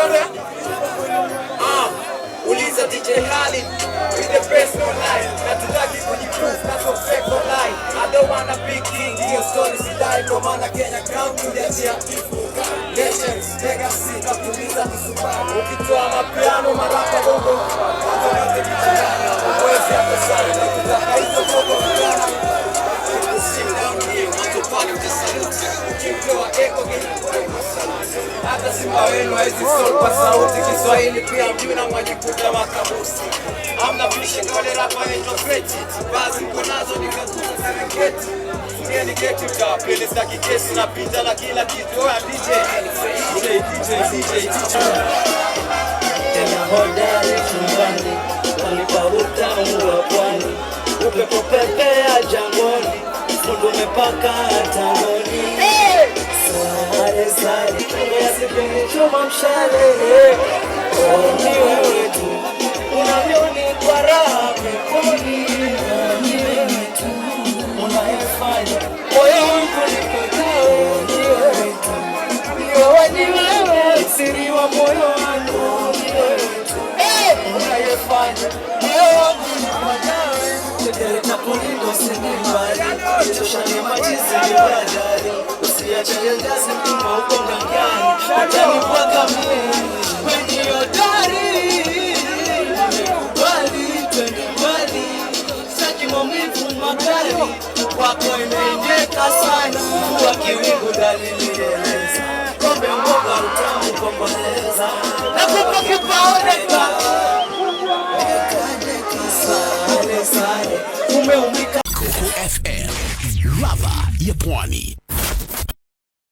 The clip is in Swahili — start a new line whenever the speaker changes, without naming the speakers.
brother? Ah, uliza DJ Khalid with the best online. Natutaki kujiprove, that's what fake online. I don't wanna be king, hiyo story sidai kwa maana Kenya crown kuletea kifu. Legends, legacy, natuliza misumari. Ukitoa mapiano, marapa, bongo, hata yote kijana, uwezi hapo sana. Natutaka hizo bongo vijana. Sit down here, want to party with the salute. Ukipewa eko, gina hata simba wenu hawezi solpa sauti Kiswahili pia mjuna mwajikuta makabusi amna vishi basi mko nazo serengeti geti na pita kila kitu oya DJ DJ DJ DJ DJ
tena hodari chumbani utamu wa pwani upepo pepea jangoni mundu umepaka tangoni mstari, yasipenichoma mshale, ni wewe tu unavyonipa raha peponi, ni wewe tu unayefanya moyo wangu nipagawe, ni wewe siri wa moyo wangu, ni wewe tu unayefanya moyo wangu nipagawe, napolikosi ni mbali, majizi ni badari kwako imeendeka Coco FM, ladha ya pwani.